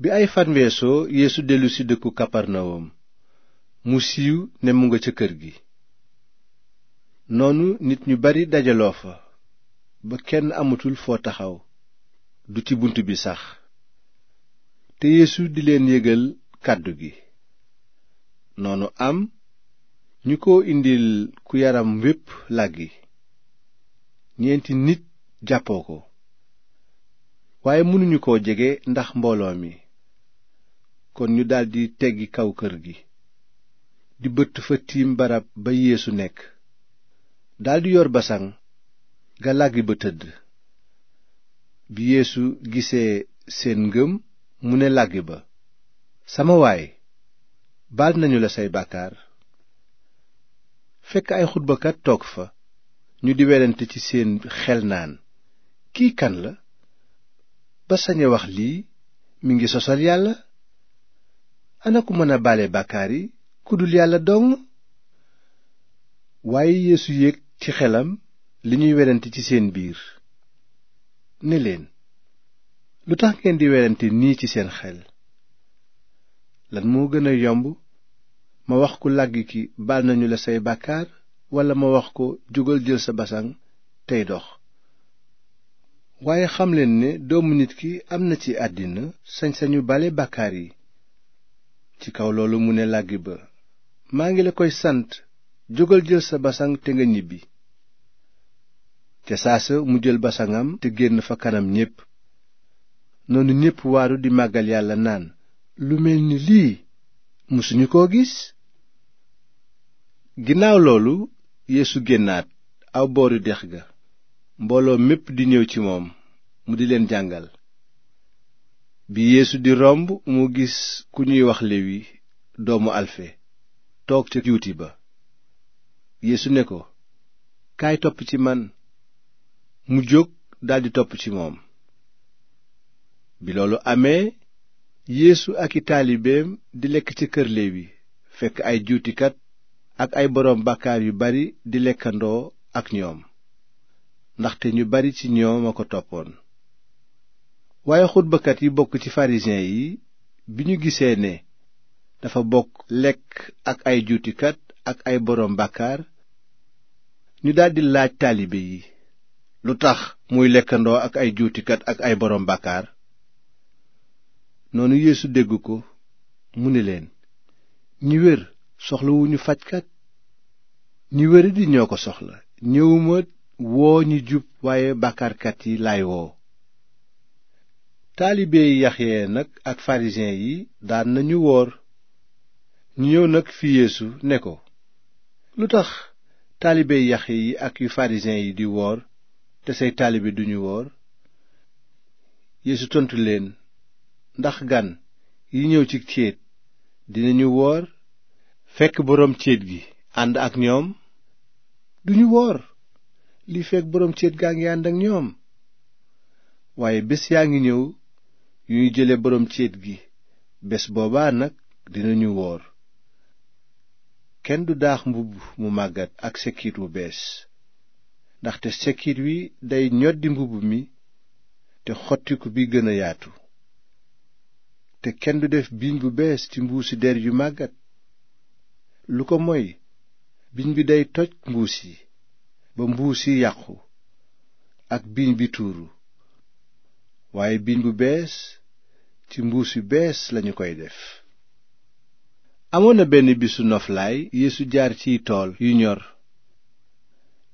bi ay fan yéesu dellusi dëkku Kaparnawum mu siiw ne mu nga ca kër gi noonu nit ñu bari dajaloo fa ba kenn amatul foo taxaw du ci bunt bi sax te Yeesu di leen yégal kàddu gi noonu am ñu ko indil ku yaram wépp làggi ñeenti nit jàppoo ko waaye mënuñu koo jege ndax mbooloo mi kon ñu daldi teggi kaw kër gi di bëtt fa tiim barab ba yeesu nekk daldi yor basan ga làggi ba tëdd bi yéesu gisee seen ngëm mu ne làggi ba sama waay baal nañu la say bàkkaar fekk ay xutbakat toog fa ñu di werante ci seen xel naan kii kan la ba sañe wax lii mi ngi sosal yàlla ana ku mën a baale bàkkaar yi ku dul yàlla dong waaye yeesu yéeg ci xelam li ñuy werante ci seen biir ni leen lu tax ngeen di werante nii ci seen xel lan moo gën a yomb ma wax ku làgg ki bal nañu la say bàkkaar walla ma wax ko jógal jël sa basaŋ tey dox waaye xamleen ne doomu nit ki am na ci àddina sañ-sañu bale bàkkaar yi ci kaw loolu mu ne làggi ba maa ngi la koy sant jógal jël sa basan te nga ñibbi ca saasa mu jël basaŋam te génn fa kanam ñépp noonu ñépp waaru di màggal yàlla naan lu mel ni lii mësuñu koo gis ginnaaw loolu yéesu génnaat aw booru dex ga mbooloo mépp di ñëw ci moom mu di leen jàngal bi yéesu di romb mu gis ku ñuy wax lewi doomu alfe toog ca juuti ba yeesu ne ko kaay topp ci man mu jóg daldi topp ci moom bi loolu amee yéesu ak i taalibeem di lekk ci kër lewi fekk ay juutikat ak ay boroom bàkkaar yu bari di lekkandoo ak ñoom ndaxte ñu bari ci ñoom a ko toppoon waaye xutbakat yi bokk ci farisiyen yi bi ñu gisee ne dafa bokk lekk ak ay juutikat ak ay boroom bàkkaar ñu daldi laaj taalibe yi lu tax muy lekkandoo ak ay juutikat ak ay boroom bàkkaar noonu Yeesu dégg ko mu ni leen ñi wér ñu fajkat ñi wéradi ñoo ko soxla ñëwuma woo ñi jub waaye bàkkaarkat yi laay woo taalibe yi yee nag ak farisiyen yi daan nañu woor ñu ñëw nag fi yéesu ne ko lu tax taalibe yi yi ak yu farisiyen yi di woor te say taalibe duñu woor Yeesu tontu leen ndax gan yi ñëw ci céet dinañu woor fekk boroom céet gi ànd ak ñoom duñu woor li fekk boroom céet gaa ngi ànd ak ñoom waaye bés yaa ngi ñëw yuy jële boroom céet gi bés boobaa nag dinañu woor kenn du daax mbubb mu màggat ak sekkiit wu bees ndaxte sekkiit wi day ñoddi mbubb mi te xottiku bi gëna yaatu te kenn du def biiñ bu bees ci mbuusi der yu màggat lu ko moy biñ bi day toj mbuus yi ba mbuus yi yàqu ak biiñ bi tuuru waaye biiñ bu bees ci mbuus yu bees lañu koy def amoon na benn bisu noflaay Yeesu jaar ci tool yu ñor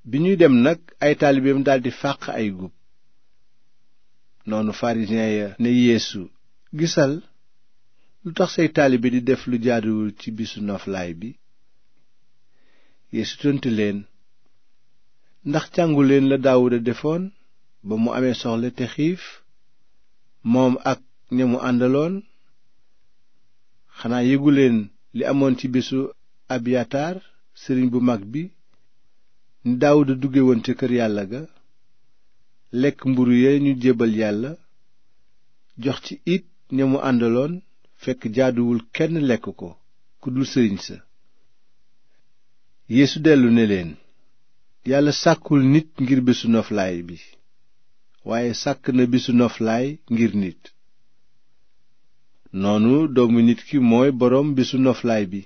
bi ñuy dem nag ay taalibeem daldi fàq ay gub noonu farisiyen ya ne Yeesu gisal lu tax say taalibe di def lu jaaduwul ci bisu noflaay bi Yeesu tontu leen ndax jànguleen leen la Daawuda defoon ba mu amee soxla te xiif moom ak ña mu àndaloon xanaa yëguleen li amoon ci bésu abiyataar sëriñ bu mag bi ni daawuda dugge woon ca kër yàlla ga lekk mburu ya ñu jébbal yàlla jox ci it ña mu àndaloon fekk jaaduwul kenn lekk ko ku dul sëriñ sa yéesu dellu ne leen yàlla sàkkul nit ngir bésu noflaay bi waaye sàkk na bésu noflaay ngir nit noonu doomu nit ki mooy boroom bisu noflaay bi